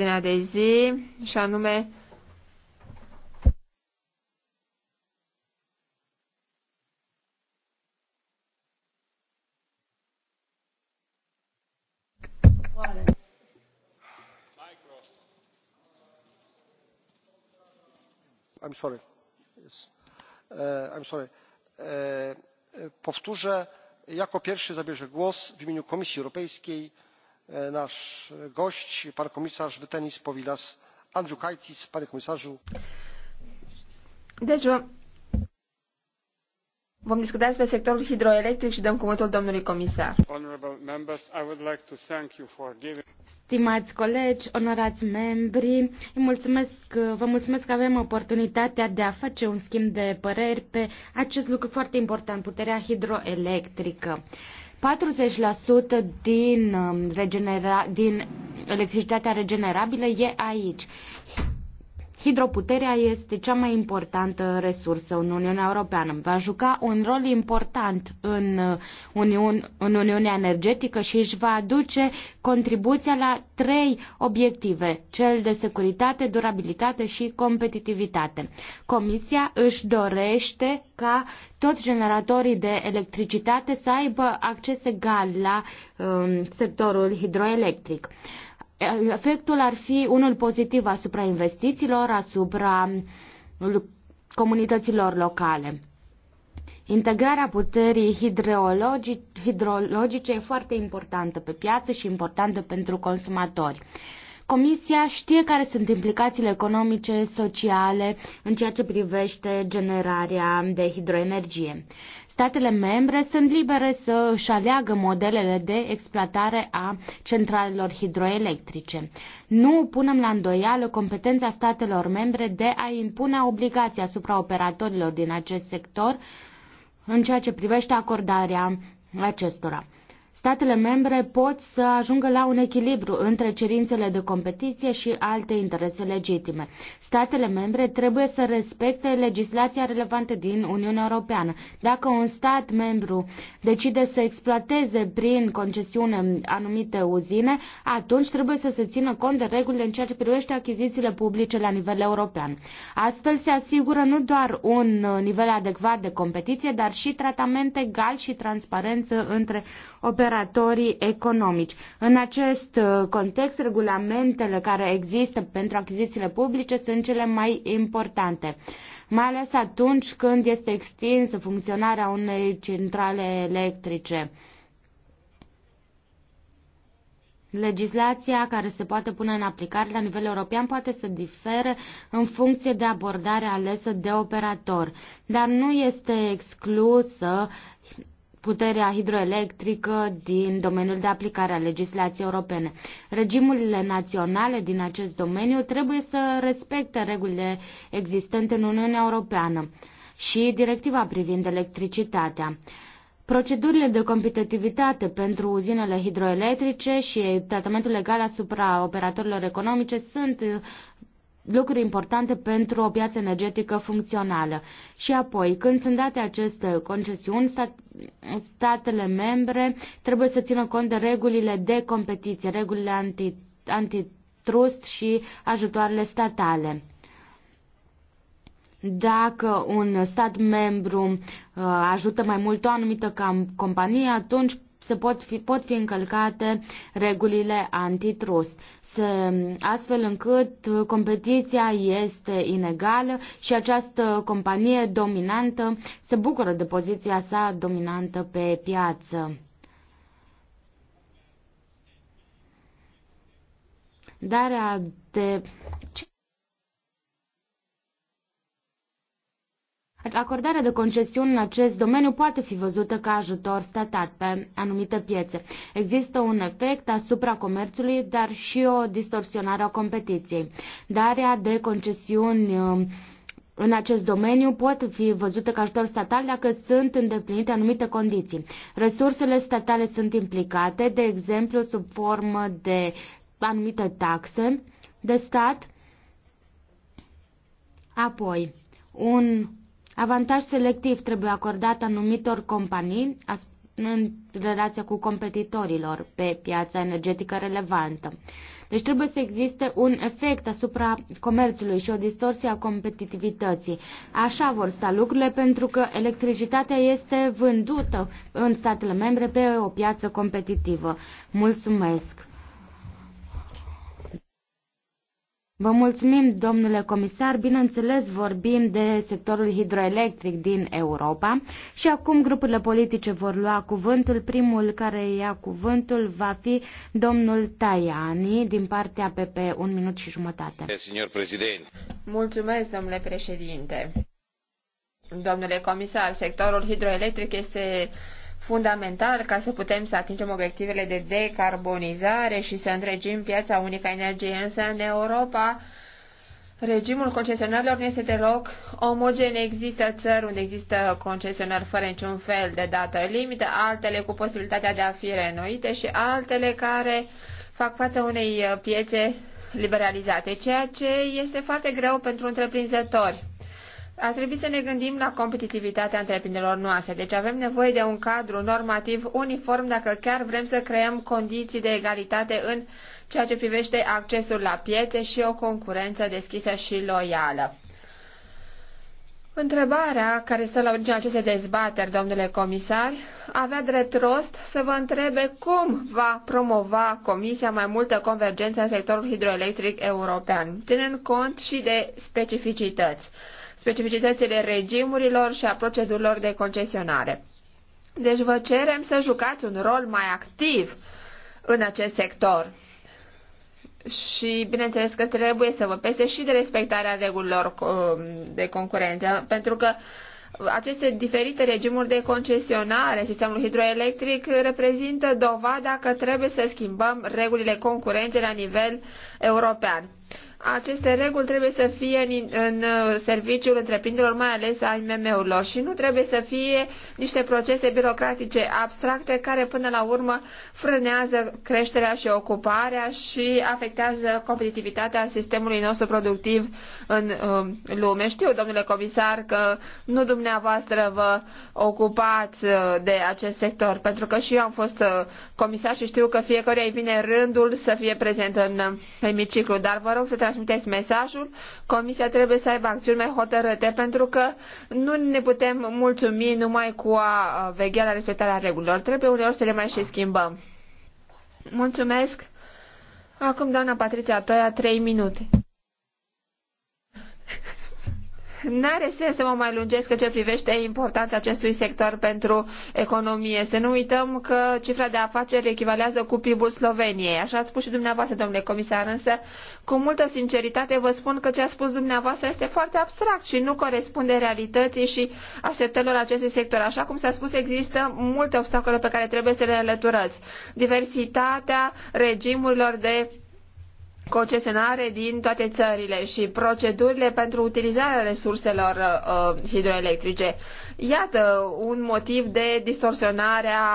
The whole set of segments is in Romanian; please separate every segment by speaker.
Speaker 1: ordinea de zi și anume
Speaker 2: I'm sorry. Yes.
Speaker 1: Uh, I'm sorry. Uh, powtórzę jako pierwszy zabierze głos w imieniu komisji europejskiej nasz gość pan komisarz vytenis povilas andriukaitis. panie komisarzu! deci vom discuta despre sectorul hidroelectric și dăm cuvântul domnului comisar. Stimați colegi, onorați
Speaker 3: membri, mulțumesc, vă mulțumesc că avem oportunitatea de a face un schimb de păreri pe acest lucru foarte important, puterea hidroelectrică. 40% din, um, regenera- din electricitatea regenerabilă e aici. Hidroputerea este cea mai importantă resursă în Uniunea Europeană. Va juca un rol important în, uh, Uniun, în Uniunea Energetică și își va aduce contribuția la trei obiective, cel de securitate, durabilitate și competitivitate. Comisia își dorește ca toți generatorii de electricitate să aibă acces egal la um, sectorul hidroelectric. Uh, efectul ar fi unul pozitiv asupra investițiilor, asupra comunităților locale. Integrarea puterii hidrologice e foarte importantă pe piață și importantă pentru consumatori. Comisia știe care sunt implicațiile economice, sociale în ceea ce privește generarea de hidroenergie. Statele membre sunt libere să își aleagă modelele de exploatare a centralelor hidroelectrice. Nu punem la îndoială competența statelor membre de a impune obligații asupra operatorilor din acest sector în ceea ce privește acordarea acestora statele membre pot să ajungă la un echilibru între cerințele de competiție și alte interese legitime. Statele membre trebuie să respecte legislația relevantă din Uniunea Europeană. Dacă un stat membru decide să exploateze prin concesiune anumite uzine, atunci trebuie să se țină cont de regulile în ceea ce privește achizițiile publice la nivel european. Astfel se asigură nu doar un nivel adecvat de competiție, dar și tratament egal și transparență între operatori operatorii economici. În acest uh, context, regulamentele care există pentru achizițiile publice sunt cele mai importante mai ales atunci când este extinsă funcționarea unei centrale electrice. Legislația care se poate pune în aplicare la nivel european poate să difere în funcție de abordarea alesă de operator, dar nu este exclusă puterea hidroelectrică din domeniul de aplicare a legislației europene. Regimurile naționale din acest domeniu trebuie să respecte regulile existente în Uniunea Europeană și directiva privind electricitatea. Procedurile de competitivitate pentru uzinele hidroelectrice și tratamentul legal asupra operatorilor economice sunt lucruri importante pentru o piață energetică funcțională. Și apoi, când sunt date aceste concesiuni, stat, statele membre trebuie să țină cont de regulile de competiție, regulile anti, antitrust și ajutoarele statale dacă un stat membru uh, ajută mai mult o anumită companie, atunci se pot fi, pot fi încălcate regulile antitrust, se, astfel încât competiția este inegală și această companie dominantă se bucură de poziția sa dominantă pe piață. Dar de... Ce? Acordarea de concesiuni în acest domeniu poate fi văzută ca ajutor statat pe anumite piețe. Există un efect asupra comerțului, dar și o distorsionare a competiției. Darea de concesiuni um, în acest domeniu pot fi văzute ca ajutor statal dacă sunt îndeplinite anumite condiții. Resursele statale sunt implicate, de exemplu, sub formă de anumite taxe de stat. Apoi, un Avantaj selectiv trebuie acordat anumitor companii în relația cu competitorilor pe piața energetică relevantă. Deci trebuie să existe un efect asupra comerțului și o distorsie a competitivității. Așa vor sta lucrurile pentru că electricitatea este vândută în statele membre pe o piață competitivă. Mulțumesc! Vă mulțumim, domnule comisar. Bineînțeles, vorbim de sectorul hidroelectric din Europa și acum grupurile politice vor lua cuvântul. Primul care ia cuvântul va fi domnul Tajani din partea PP, un minut și jumătate.
Speaker 1: Mulțumesc, domnule președinte. Domnule comisar, sectorul hidroelectric este fundamental ca să putem să atingem obiectivele de decarbonizare și să întregim piața unică a energiei, însă în Europa regimul concesionarilor nu este deloc omogen. Există țări unde există concesionari fără niciun fel de dată limită, altele cu posibilitatea de a fi renoite și altele care fac față unei piețe liberalizate, ceea ce este foarte greu pentru întreprinzători ar trebui să ne gândim la competitivitatea întreprinderilor noastre. Deci avem nevoie de un cadru normativ uniform dacă chiar vrem să creăm condiții de egalitate în ceea ce privește accesul la piețe și o concurență deschisă și loială. Întrebarea care stă la originea acestei dezbateri, domnule comisar, avea drept rost să vă întrebe cum va promova Comisia mai multă convergență în sectorul hidroelectric european, ținând cont și de specificități specificitățile regimurilor și a procedurilor de concesionare. Deci vă cerem să jucați un rol mai activ în acest sector. Și bineînțeles că trebuie să vă pese și de respectarea regulilor um, de concurență, pentru că aceste diferite regimuri de concesionare, sistemul hidroelectric, reprezintă dovada că trebuie să schimbăm regulile concurenței la nivel european aceste reguli trebuie să fie în, în serviciul întreprinderilor, mai ales a IMM-urilor și nu trebuie să fie niște procese birocratice abstracte care până la urmă frânează creșterea și ocuparea și afectează competitivitatea sistemului nostru productiv în um, lume. Știu, domnule comisar, că nu dumneavoastră vă ocupați uh, de acest sector, pentru că și eu am fost uh, comisar și știu că fiecare îi vine rândul să fie prezent în uh, hemiciclu, dar vă rog să transmiteți mesajul. Comisia trebuie să aibă acțiuni mai hotărâte pentru că nu ne putem mulțumi numai cu a veghea la respectarea regulilor. Trebuie uneori să le mai și schimbăm. Mulțumesc. Acum doamna Patricia Toia, trei minute. N-are sens să mă mai lungesc în ce privește importanța acestui sector pentru economie. Să nu uităm că cifra de afaceri echivalează cu PIB-ul Sloveniei. Așa ați spus și dumneavoastră, domnule comisar, însă cu multă sinceritate vă spun că ce a spus dumneavoastră este foarte abstract și nu corespunde realității și așteptărilor acestui sector. Așa cum s-a spus, există multe obstacole pe care trebuie să le înlăturați. Diversitatea regimurilor de concesionare din toate țările și procedurile pentru utilizarea resurselor uh, hidroelectrice. Iată un motiv de distorsionare a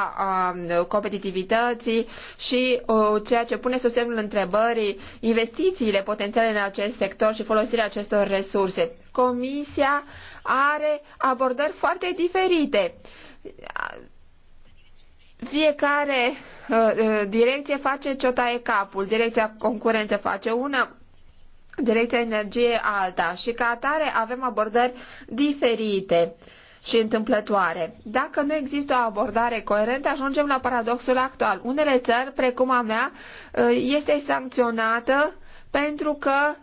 Speaker 1: uh, competitivității și uh, ceea ce pune sub semnul întrebării investițiile potențiale în acest sector și folosirea acestor resurse. Comisia are abordări foarte diferite fiecare uh, uh, direcție face ce taie capul, direcția concurență face una, direcția energie alta și ca atare avem abordări diferite și întâmplătoare. Dacă nu există o abordare coerentă, ajungem la paradoxul actual. Unele țări, precum a mea, uh, este sancționată pentru că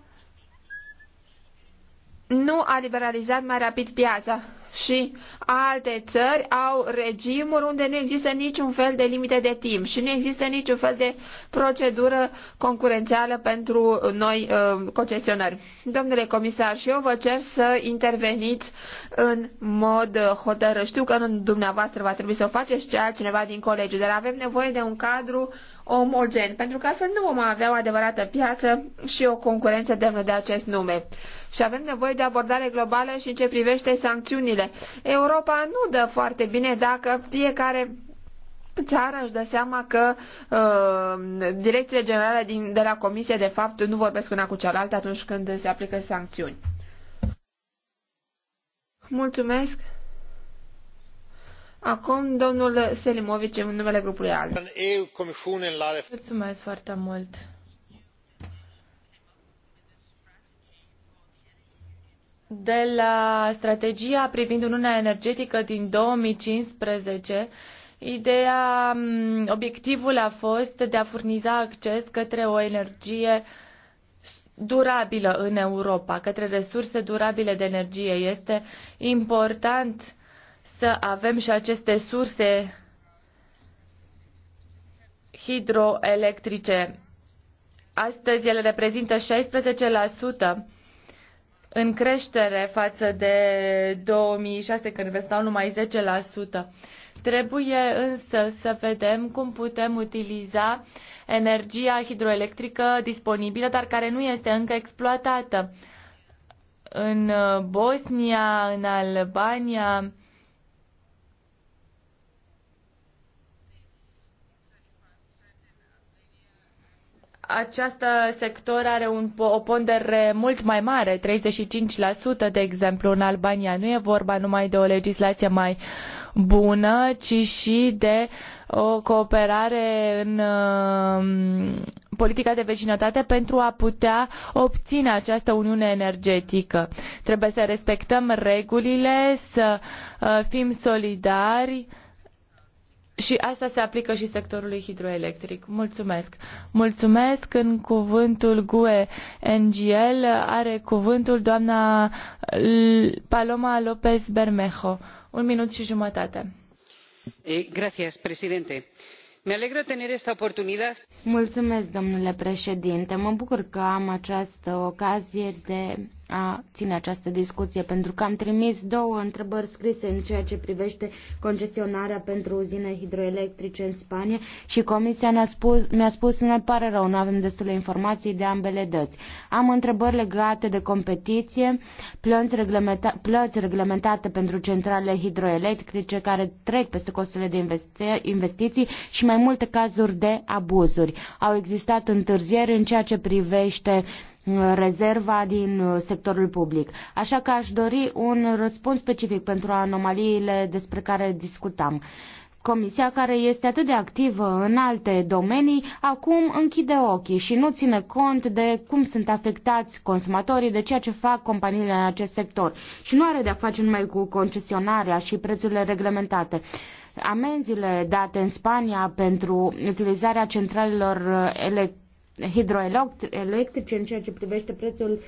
Speaker 1: nu a liberalizat mai rapid piața și alte țări au regimuri unde nu există niciun fel de limite de timp și nu există niciun fel de procedură concurențială pentru noi uh, concesionari. Domnule comisar, și eu vă cer să interveniți în mod uh, hotărât. Știu că nu dumneavoastră va trebui să o faceți, ci altcineva din colegiu, dar avem nevoie de un cadru uh, omogen, pentru că altfel nu vom avea o adevărată piață și o concurență demnă de acest nume. Și avem nevoie de abordare globală și în ce privește sancțiunile. Europa nu dă foarte bine dacă fiecare țară își dă seama că uh, direcțiile generale din, de la Comisie, de fapt, nu vorbesc una cu cealaltă atunci când se aplică sancțiuni. Mulțumesc! Acum, domnul Selimovic, în numele grupului ALDE. Mulțumesc foarte mult.
Speaker 2: De la strategia privind Uniunea Energetică din 2015, ideea, obiectivul a fost de a furniza acces către o energie durabilă în Europa, către resurse durabile de energie. Este important să avem și aceste surse hidroelectrice. Astăzi ele reprezintă 16% în creștere față de 2006, când restau numai 10%. Trebuie însă să vedem cum putem utiliza energia hidroelectrică disponibilă, dar care nu este încă exploatată. În Bosnia, în Albania, această sector are un, o pondere mult mai mare, 35% de exemplu în Albania. Nu e vorba numai de o legislație mai bună, ci și de o cooperare în um, politica de vecinătate pentru a putea obține această uniune energetică. Trebuie să respectăm regulile, să uh, fim solidari, uh, și asta se aplică și sectorului hidroelectric. Mulțumesc. Mulțumesc. În cuvântul GUE NGL are cuvântul doamna Paloma López Bermejo. Un minut și jumătate.
Speaker 1: Eh, gracias, Me alegro tener esta oportunidad.
Speaker 3: Mulțumesc, domnule președinte. Mă bucur că am această ocazie de a ține această discuție, pentru că am trimis două întrebări scrise în ceea ce privește concesionarea pentru uzine hidroelectrice în Spania și Comisia mi-a spus, mi spus ne pare rău, nu avem destule informații de ambele dăți. Am întrebări legate de competiție, plăți, reglementa, plăți reglementate pentru centrale hidroelectrice care trec peste costurile de investi- investiții și mai multe cazuri de abuzuri. Au existat întârzieri în ceea ce privește uh, rezerva din uh, sectorul public. Așa că aș dori un răspuns specific pentru anomaliile despre care discutam. Comisia care este atât de activă în alte domenii, acum închide ochii și nu ține cont de cum sunt afectați consumatorii, de ceea ce fac companiile în acest sector. Și nu are de-a face numai cu concesionarea și prețurile reglementate Amenzile date în Spania pentru utilizarea centralelor ele hidroelectrice în ceea ce privește prețul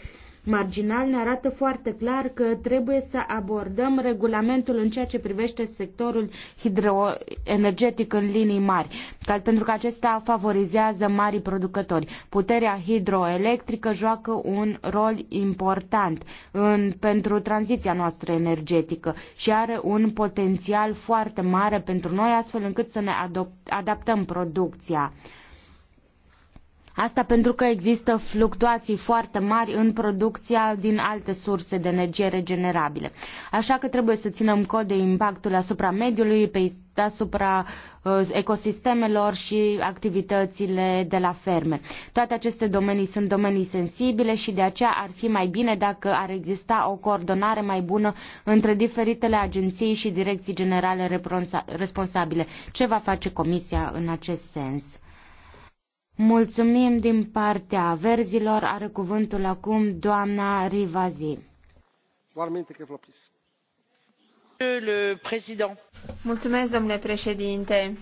Speaker 3: marginal ne arată foarte clar că trebuie să abordăm regulamentul în ceea ce privește sectorul hidroenergetic în linii mari, pentru că acesta favorizează mari producători. Puterea hidroelectrică joacă un rol important în, pentru tranziția noastră energetică și are un potențial foarte mare pentru noi, astfel încât să ne adoptăm, adaptăm producția. Asta pentru că există fluctuații foarte mari în producția din alte surse de energie regenerabile. Așa că trebuie să ținem cont de impactul asupra mediului, pe, asupra uh, ecosistemelor și activitățile de la ferme. Toate aceste domenii sunt domenii sensibile și de aceea ar fi mai bine dacă ar exista o coordonare mai bună între diferitele agenții și direcții generale responsabile. Ce va face Comisia în acest sens? Mulțumim din partea verzilor. Are cuvântul
Speaker 1: acum doamna Rivazi. Mulțumesc, domnule președinte.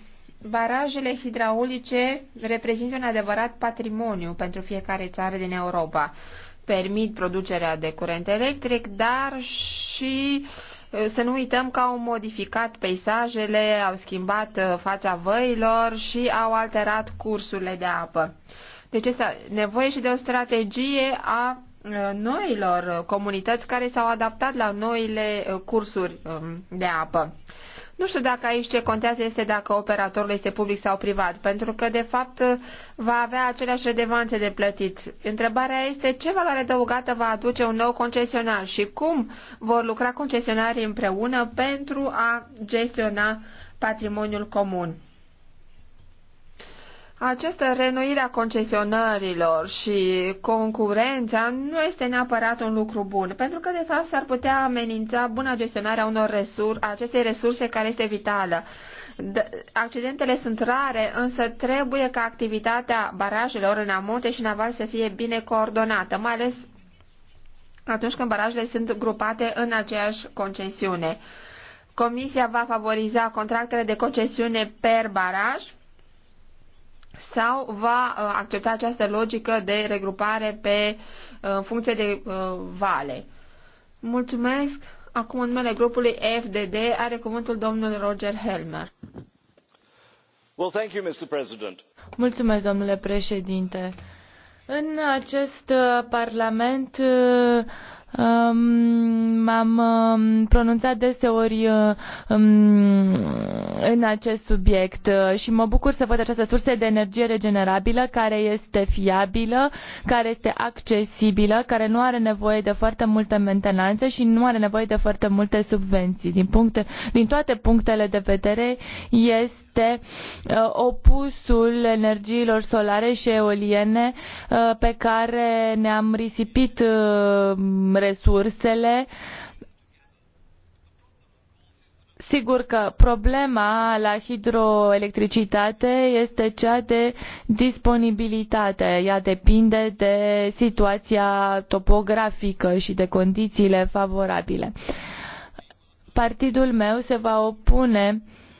Speaker 1: Barajele hidraulice reprezintă un adevărat patrimoniu pentru fiecare țară din Europa. Permit producerea de curent electric, dar și uh, să nu uităm că au modificat peisajele, au schimbat uh, fața văilor și au alterat cursurile de apă. Deci este nevoie și de o strategie a uh, noilor uh, comunități care s-au adaptat la noile cursuri um, de apă. Nu știu dacă aici ce contează este dacă operatorul este public sau privat, pentru că, de fapt, va avea aceleași redevanțe de plătit. Întrebarea este ce valoare adăugată va aduce un nou concesionar și cum vor lucra concesionarii împreună pentru a gestiona patrimoniul comun. Această renoire a concesionărilor și concurența nu este neapărat un lucru bun, pentru că, de fapt, s-ar putea amenința buna gestionarea unor resur- acestei resurse care este vitală. Accidentele sunt rare, însă trebuie ca activitatea barajelor în amonte și în aval să fie bine coordonată, mai ales atunci când barajele sunt grupate în aceeași concesiune. Comisia va favoriza contractele de concesiune per baraj, sau va uh, accepta această logică de regrupare pe uh, în funcție de uh, vale. Mulțumesc. Acum în numele grupului FDD are cuvântul domnul Roger Helmer.
Speaker 2: Well, thank you, Mr. President. Mulțumesc, domnule președinte. În acest parlament m-am pronunțat deseori în acest subiect uh, și mă bucur să văd această sursă de energie regenerabilă care este fiabilă, care este accesibilă, care nu are nevoie de foarte multă mentenanțe și nu are nevoie de foarte multe subvenții. Din, puncte, din toate punctele de vedere este uh, opusul energiilor solare și eoliene uh, pe care ne-am risipit resursele. Sigur că problema la hidroelectricitate este cea de disponibilitate. Ea depinde de situația topografică și de condițiile favorabile. Partidul meu se va opune uh,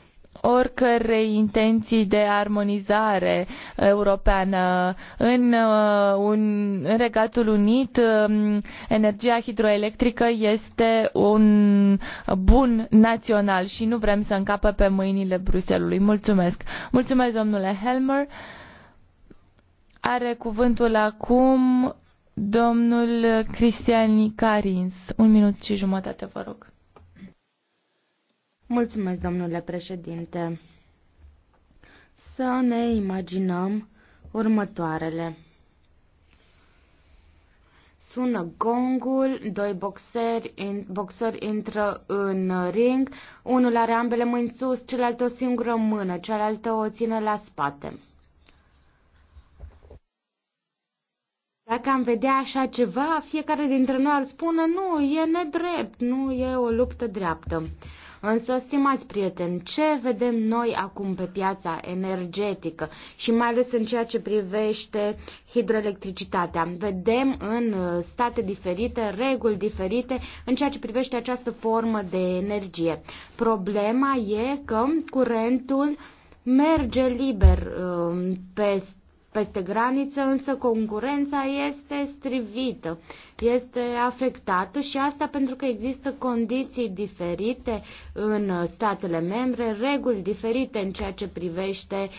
Speaker 2: oricărei intenții de armonizare uh, europeană. În, uh, în Regatul Unit, um, energia hidroelectrică este un bun național și nu vrem să încapă pe mâinile Bruselului. Mulțumesc. Mulțumesc, domnule Helmer. Are cuvântul acum domnul Cristian Carins. Un minut și jumătate, vă rog.
Speaker 3: Mulțumesc, domnule președinte. Să ne imaginăm următoarele. Sună gongul, doi boxeri, in, boxeri intră în ring, unul are ambele mâini sus, celălalt o singură mână, cealaltă o ține la spate. Dacă am vedea așa ceva, fiecare dintre noi ar spune, nu, e nedrept, nu e o luptă dreaptă. Însă, stimați prieteni, ce vedem noi acum pe piața energetică și mai ales în ceea ce privește hidroelectricitatea? Vedem în uh, state diferite, reguli diferite în ceea ce privește această formă de energie. Problema e că curentul merge liber uh, pe peste graniță însă concurența este strivită, este afectată și asta pentru că există condiții diferite în statele membre, reguli diferite în ceea ce privește uh,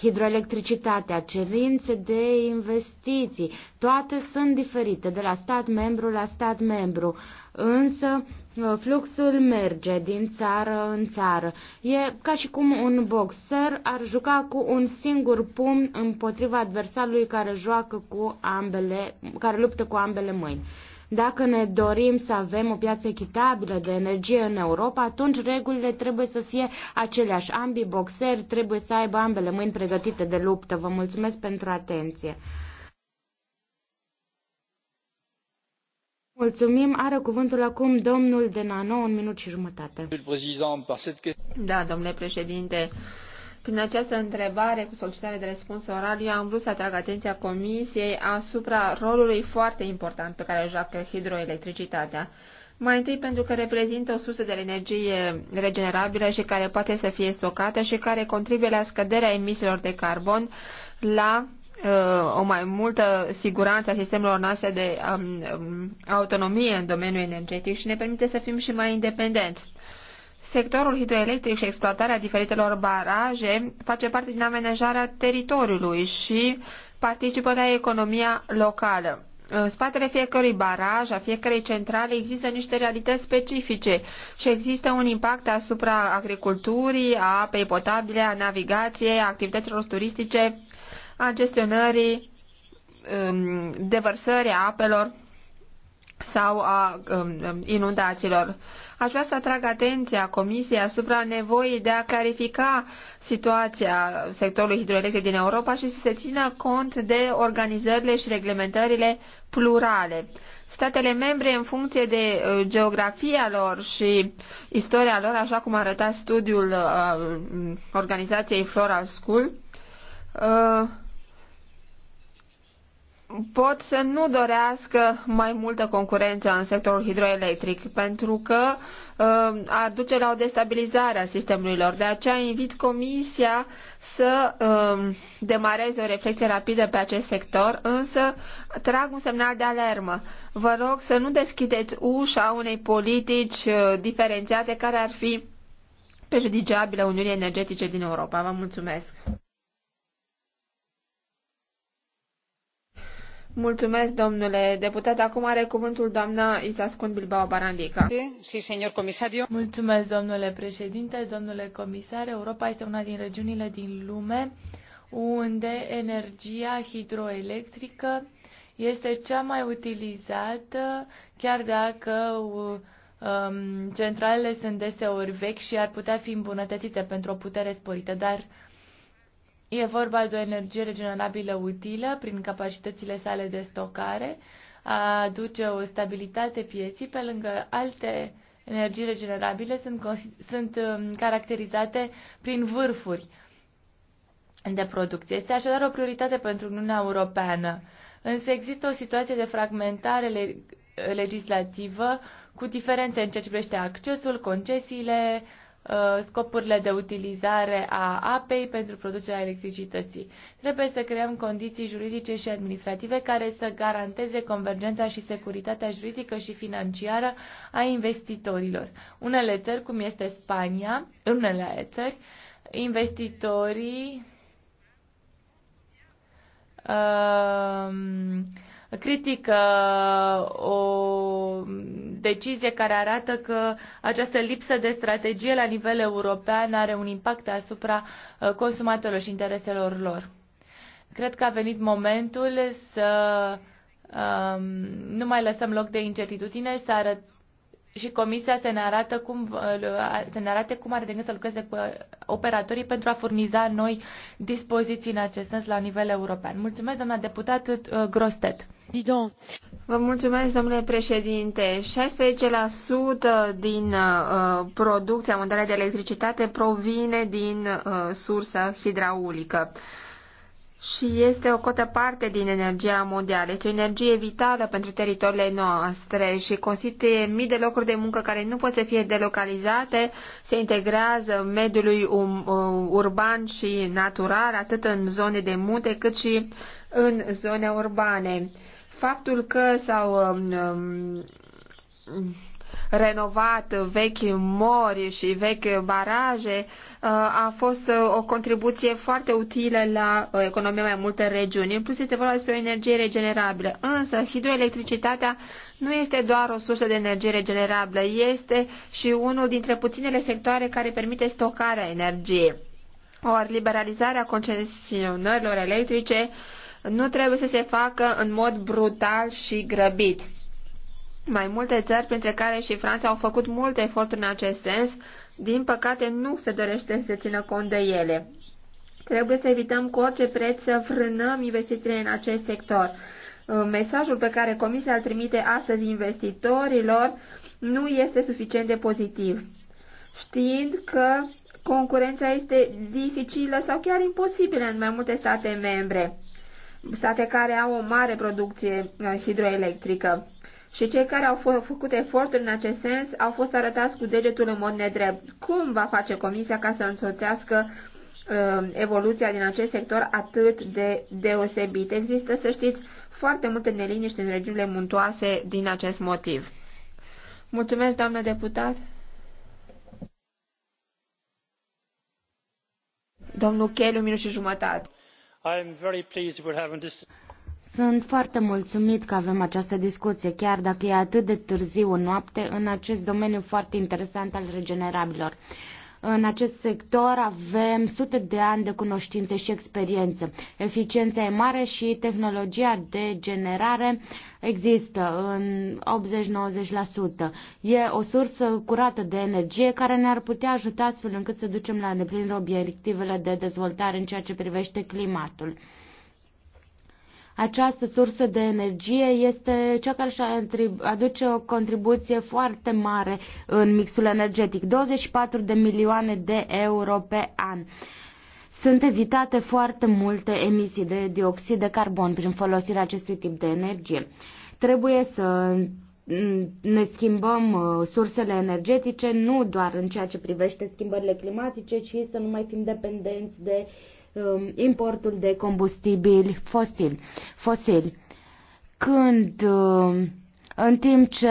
Speaker 3: hidroelectricitatea, cerințe de investiții, toate sunt diferite de la stat membru la stat membru, însă uh, fluxul merge din țară în țară. E ca și cum un boxer ar juca cu un singur pumn împotriva adversarului care joacă cu ambele, care luptă cu ambele mâini. Dacă ne dorim să avem o piață echitabilă de energie în Europa, atunci regulile trebuie să fie aceleași. Ambii boxeri trebuie să aibă ambele mâini pregătite de luptă. Vă mulțumesc pentru atenție. Mulțumim. Are cuvântul acum domnul Denano, un minut și jumătate.
Speaker 1: Da, domnule președinte, prin această întrebare cu solicitare de răspuns oral, eu am vrut să atrag atenția Comisiei asupra rolului foarte important pe care îl joacă hidroelectricitatea. Mai întâi pentru că reprezintă o sursă de energie regenerabilă și care poate să fie stocată și care contribuie la scăderea emisiilor de carbon, la uh, o mai multă siguranță a sistemelor noastre de um, um autonomie în domeniul energetic și ne permite să fim și mai independenți. Sectorul hidroelectric și exploatarea diferitelor baraje face parte din amenajarea teritoriului și participă la economia locală. În spatele fiecărui baraj, a fiecărei centrale, există niște realități specifice și există un impact asupra agriculturii, a apei potabile, a navigației, a activităților turistice, a gestionării, um, devărsării apelor sau a um, um, inundațiilor. Aș vrea să atrag atenția Comisiei asupra nevoii de a clarifica situația sectorului hidroelectric din Europa și să se țină cont de organizările și reglementările plurale. Statele membre, în funcție de uh, geografia lor și istoria lor, așa cum arăta studiul uh, um, organizației Floral School, uh, pot să nu dorească mai multă concurență în sectorul hidroelectric, pentru că uh, ar duce la o destabilizare a sistemului lor. De aceea invit Comisia să uh, demareze o reflexie rapidă pe acest sector, însă trag un semnal de alarmă. Vă rog să nu deschideți ușa unei politici uh, diferențiate care ar fi prejudiciabilă Uniunii Energetice din Europa. Vă mulțumesc! Mulțumesc, domnule deputat. Acum are cuvântul doamna Isascun Bilbao Barandica.
Speaker 2: Mulțumesc, domnule președinte, domnule comisar. Europa este una din regiunile din lume unde energia hidroelectrică este cea mai utilizată, chiar dacă uh, um, centralele sunt deseori vechi și ar putea fi îmbunătățite pentru o putere sporită, dar E vorba de o energie regenerabilă utilă prin capacitățile sale de stocare, aduce o stabilitate pieții pe lângă alte energii regenerabile sunt, sunt um, caracterizate prin vârfuri de producție. Este așadar o prioritate pentru Uniunea Europeană. Însă există o situație de fragmentare legislativă cu diferențe în ceea ce privește accesul, concesiile, uh, Uh, scopurile de utilizare a apei pentru producerea electricității. Trebuie să creăm condiții juridice și administrative care să garanteze convergența și securitatea juridică și financiară a investitorilor. Unele țări, cum este Spania, unele țări, investitorii um, critică o decizie care arată că această lipsă de strategie la nivel european are un impact asupra uh, consumatorilor și intereselor lor. Cred că a venit momentul să um, nu mai lăsăm loc de incertitudine, să arăt și comisia să ne, arată cum, uh, să ne arate cum are de gând să lucreze cu uh, operatorii pentru a furniza noi dispoziții
Speaker 1: în acest sens la
Speaker 2: nivel european. Mulțumesc, doamna deputat
Speaker 1: Grostet. Vă mulțumesc, domnule președinte. 16% din uh, producția mondială de electricitate provine din uh, sursă hidraulică și este o cotă parte din energia mondială. Este o energie vitală pentru teritoriile noastre și constituie mii de locuri de muncă care nu pot să fie delocalizate, se integrează mediului um, uh, urban și natural, atât în zone de munte cât și în zone urbane. Faptul că s-au um, um, renovat vechi mori și vechi baraje uh, a fost uh, o contribuție foarte utilă la uh, economia mai multe regiuni. În plus este vorba despre o energie regenerabilă. Însă hidroelectricitatea nu este doar o sursă de energie regenerabilă, este și unul dintre puținele sectoare care permite stocarea energiei. Ori liberalizarea concesionărilor electrice nu trebuie să se facă în mod brutal și grăbit. Mai multe țări, printre care și Franța, au făcut multe eforturi în acest sens, din păcate nu se dorește să se țină cont de ele. Trebuie să evităm cu orice preț să frânăm investițiile în acest sector. Uh, mesajul pe care Comisia îl trimite astăzi investitorilor nu este suficient de pozitiv, știind că concurența este dificilă sau chiar imposibilă în mai multe state membre state care au o mare producție uh, hidroelectrică. Și cei care au făcut eforturi în acest sens au fost arătați cu degetul în mod nedrept. Cum va face Comisia ca să însoțească uh, evoluția din acest sector atât de deosebit? Există, să știți, foarte multe neliniști în regiunile muntoase din acest motiv. Mulțumesc, doamnă deputat. Domnul Cheliu, minut și jumătate.
Speaker 3: Sunt foarte mulțumit că avem această discuție, chiar dacă e atât de târziu în noapte, în acest domeniu foarte interesant al regenerabilor. În acest sector avem sute de ani de cunoștințe și experiență. Eficiența e mare și tehnologia de generare există în 80-90%. E o sursă curată de energie care ne-ar putea ajuta astfel încât să ducem la îndeplinire obiectivele de dezvoltare în ceea ce privește climatul. Această sursă de energie este cea care aduce o contribuție foarte mare în mixul energetic, 24 de milioane de euro pe an. Sunt evitate foarte multe emisii de dioxid de carbon prin folosirea acestui tip de energie. Trebuie să ne schimbăm uh, sursele energetice nu doar în ceea ce privește schimbările climatice, ci să nu mai fim dependenți de Um, importul de combustibili fosili. fosili. Când um, în timp ce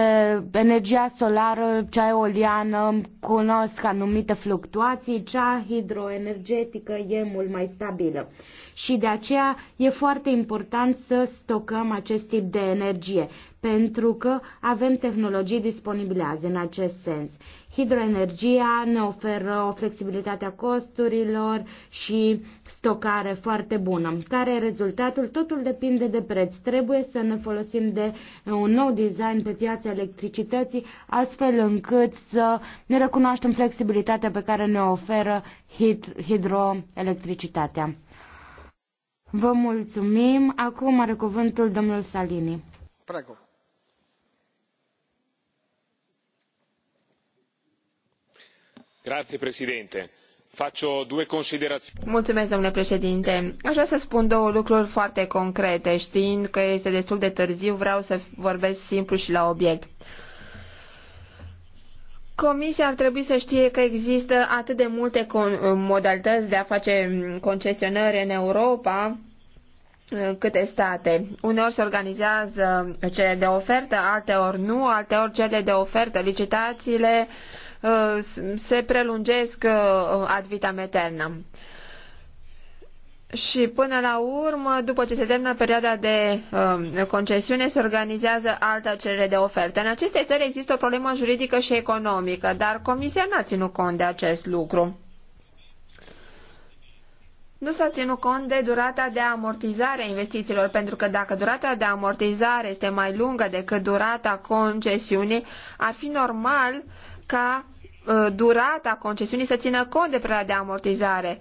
Speaker 3: energia solară, cea eoliană cunosc anumite fluctuații, cea hidroenergetică e mult mai stabilă. Și de aceea e foarte important să stocăm acest tip de energie, pentru că avem tehnologii disponibile azi în acest sens. Hidroenergia ne oferă o flexibilitate a costurilor și stocare foarte bună. Care e rezultatul? Totul depinde de preț. Trebuie să ne folosim de un nou design pe piața electricității, astfel încât să ne recunoaștem flexibilitatea pe care ne oferă hid- hidroelectricitatea. Vă mulțumim. Acum are cuvântul domnul Salini.
Speaker 2: Prego.
Speaker 1: domnule președinte aș vrea să spun două lucruri foarte concrete. știind că este destul de târziu vreau să vorbesc simplu și la obiect. Comisia ar trebui să știe că există atât de multe modalități de a face concesionări în Europa uh, câte state. Uneori se organizează cele de ofertă, alteori nu, alteori cele de ofertă, licitațiile uh, Uh, se prelungesc uh, ad vitam aeternam. Și până la urmă, după ce se termină perioada de uh, concesiune, se organizează alta cerere de ofertă. În aceste țări există o problemă juridică și economică, dar Comisia n-a ținut cont de acest lucru. Nu s-a ținut cont de durata de amortizare a investițiilor, pentru că dacă durata de amortizare este mai lungă decât durata concesiunii, ar fi normal uh, ca uh, durata concesiunii să țină cont de perioada de amortizare.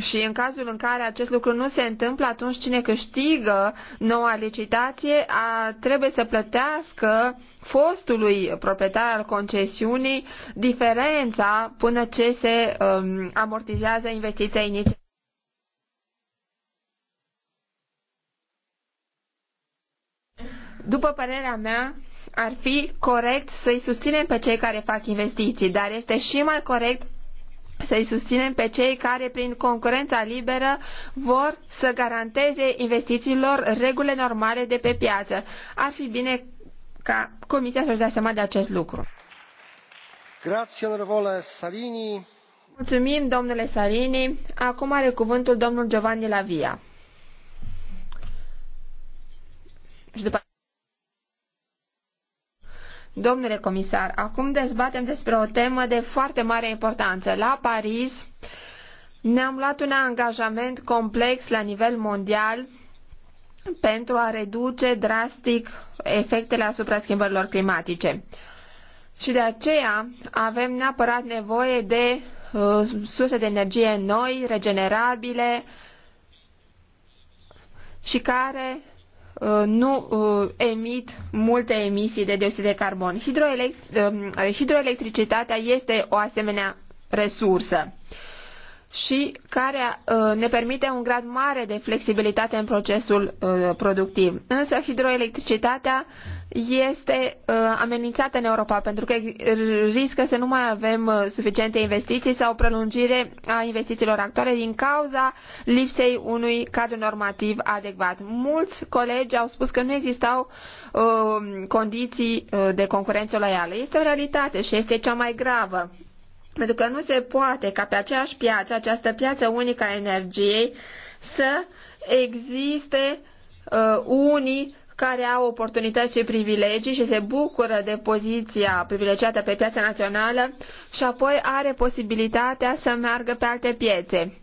Speaker 1: Și în cazul în care acest lucru nu se întâmplă, atunci cine câștigă noua licitație a, trebuie să plătească fostului proprietar al concesiunii diferența până ce se um, amortizează investiția inițială. După părerea mea, ar fi corect să-i susținem pe cei care fac investiții, dar este și mai corect să-i susținem pe cei care, prin concurența liberă, vor să garanteze investițiilor regulile normale de pe piață. Ar fi bine ca Comisia să-și dea seama de acest lucru. Grazie, Salini. Mulțumim, domnule Salini. Acum are cuvântul domnul Giovanni Lavia. Și după... Domnule comisar, acum dezbatem despre o temă de foarte mare importanță. La Paris ne-am luat un angajament complex la nivel mondial pentru a reduce drastic efectele asupra schimbărilor climatice. Și de aceea avem neapărat nevoie de uh, surse de energie noi, regenerabile și care Uh, nu uh, emit multe emisii de dioxid de carbon. Hidroelect- um, uh, hidroelectricitatea este o asemenea resursă și care ne permite un grad mare de flexibilitate în procesul productiv. Însă hidroelectricitatea este uh, amenințată în Europa pentru că riscă să nu mai avem uh, suficiente investiții sau prelungire a investițiilor actuale din cauza lipsei unui cadru normativ adecvat. Mulți colegi au spus că nu existau uh, condiții uh, de concurență loială. Este o realitate și este cea mai gravă. Pentru că nu se poate ca pe aceeași piață, această piață unică a energiei, să existe uh, unii care au oportunități și privilegii și se bucură de poziția privilegiată pe piața națională și apoi are posibilitatea să meargă pe alte piețe.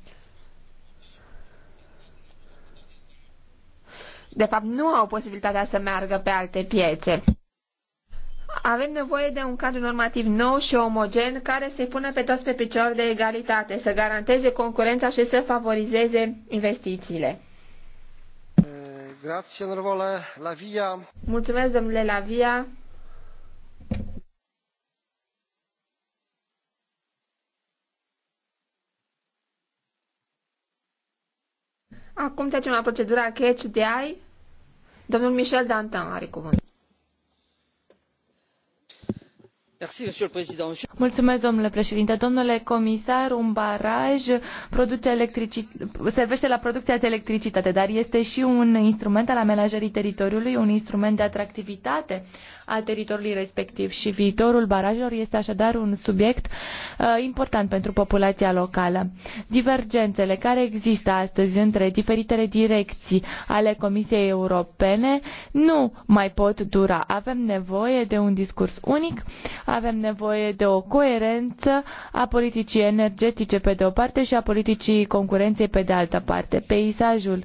Speaker 1: De fapt, nu au posibilitatea să meargă pe alte piețe. Avem nevoie de un cadru normativ nou și omogen care să-i pună pe toți pe picior de egalitate, să garanteze concurența și să favorizeze investițiile. Grazie, onorevole Via. Mulțumesc, domnule Lavia. Acum trecem la procedura catch de ai. Domnul Michel Dantin are cuvântul. Mulțumesc, domnule președinte
Speaker 2: domnule comisar un baraj servește la producția de electricitate dar este și un instrument al amenajării teritoriului un instrument de atractivitate a teritoriului respectiv și viitorul barajelor este așadar un subiect uh, important pentru populația locală. divergențele care există astăzi între diferitele direcții ale comisiei europene nu mai pot dura avem nevoie de un discurs unic avem nevoie de o coerență a politicii energetice pe de o parte și a politicii concurenței pe de altă parte. Peisajul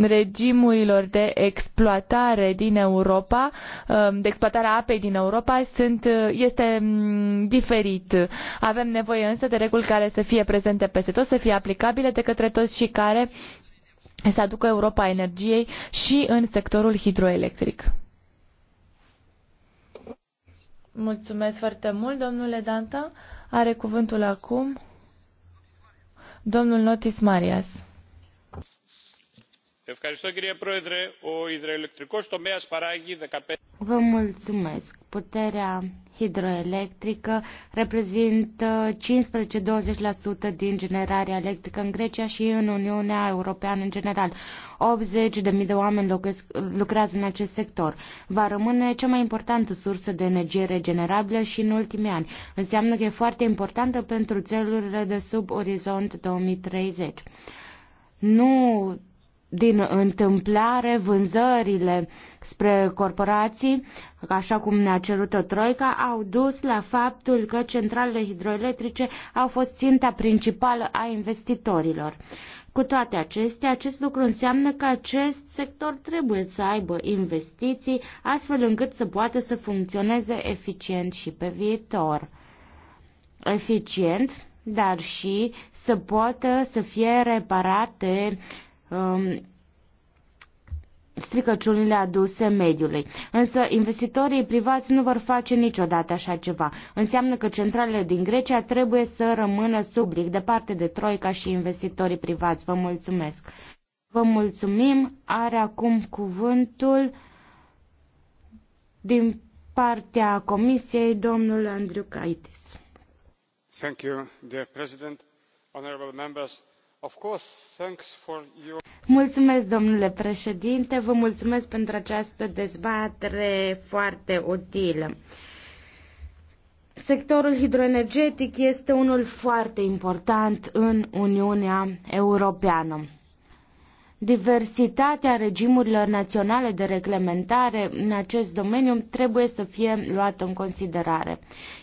Speaker 2: regimurilor de exploatare din Europa, um, de exploatarea apei din Europa sunt, uh, este mm, diferit. Avem nevoie însă de reguli care să fie prezente peste tot, să fie aplicabile de către toți și care să aducă Europa energiei și în sectorul hidroelectric. Mulțumesc foarte mult, domnule Danta. Are cuvântul acum domnul Notis Marias. Vă
Speaker 3: mulțumesc. Puterea hidroelectrică reprezintă 15-20% din generarea electrică în Grecia și în Uniunea Europeană în general. 80.000 de de oameni locuiesc, lucrează în acest sector. Va rămâne cea mai importantă sursă de energie regenerabilă și în ultimii ani. Înseamnă că e foarte importantă pentru țelurile de sub orizont 2030. Nu din întâmplare vânzările spre corporații, așa cum ne-a cerut-o Troica, au dus la faptul că centralele hidroelectrice au fost ținta principală a investitorilor. Cu toate acestea, acest lucru înseamnă că acest sector trebuie să aibă investiții astfel încât să poată să funcționeze eficient și pe viitor. Eficient, dar și să poată să fie reparate uh, um, stricăciunile aduse mediului. Însă investitorii privați nu vor face niciodată așa ceva. Înseamnă că centralele din Grecia trebuie să rămână sub de departe de Troica și investitorii privați. Vă mulțumesc! Vă mulțumim! Are acum cuvântul din partea Comisiei domnul Andriu Caitis.
Speaker 2: Thank you, dear President, honorable members.
Speaker 3: Mulțumesc, domnule președinte, vă mulțumesc pentru această dezbatere foarte utilă. Sectorul hidroenergetic este unul foarte important în Uniunea Europeană. Diversitatea regimurilor naționale de reglementare în acest domeniu trebuie să fie luată în considerare.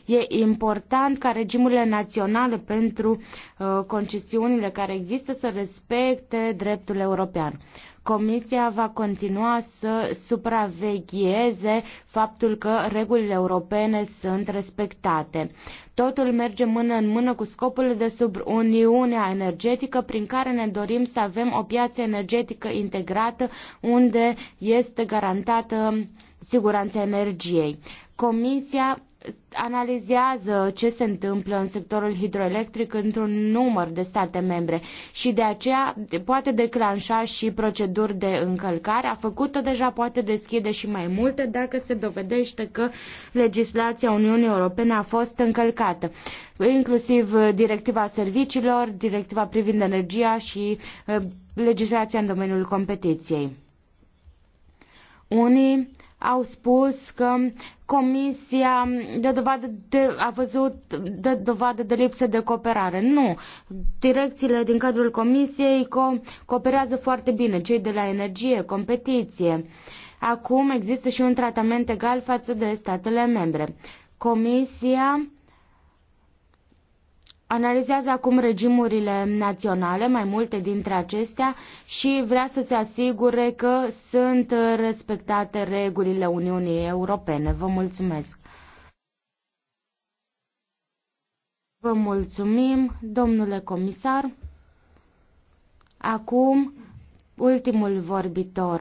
Speaker 3: E important ca regimurile naționale pentru uh, concesiunile care există să respecte dreptul european. Comisia va continua să supravegheze faptul că regulile europene sunt respectate. Totul merge mână în mână cu scopul de sub Uniunea Energetică, prin care ne dorim să avem o piață energetică integrată, unde este garantată siguranța energiei. Comisia analizează ce se întâmplă în sectorul hidroelectric într-un număr de state membre și de aceea poate declanșa și proceduri de încălcare. A făcut-o deja, poate deschide și mai multe dacă se dovedește că legislația Uniunii Europene a fost încălcată inclusiv directiva serviciilor, directiva privind energia și eh, legislația în domeniul competiției. Unii au spus că Comisia de dovadă de, a văzut de dovadă de lipsă de cooperare. Nu. Direcțiile din cadrul Comisiei co- cooperează foarte bine. Cei de la energie, competiție. Acum există și un tratament egal față de statele membre. Comisia analizează acum regimurile naționale, mai multe dintre acestea, și vrea să se asigure că sunt respectate regulile Uniunii Europene. Vă mulțumesc! Vă mulțumim, domnule comisar. Acum, ultimul vorbitor.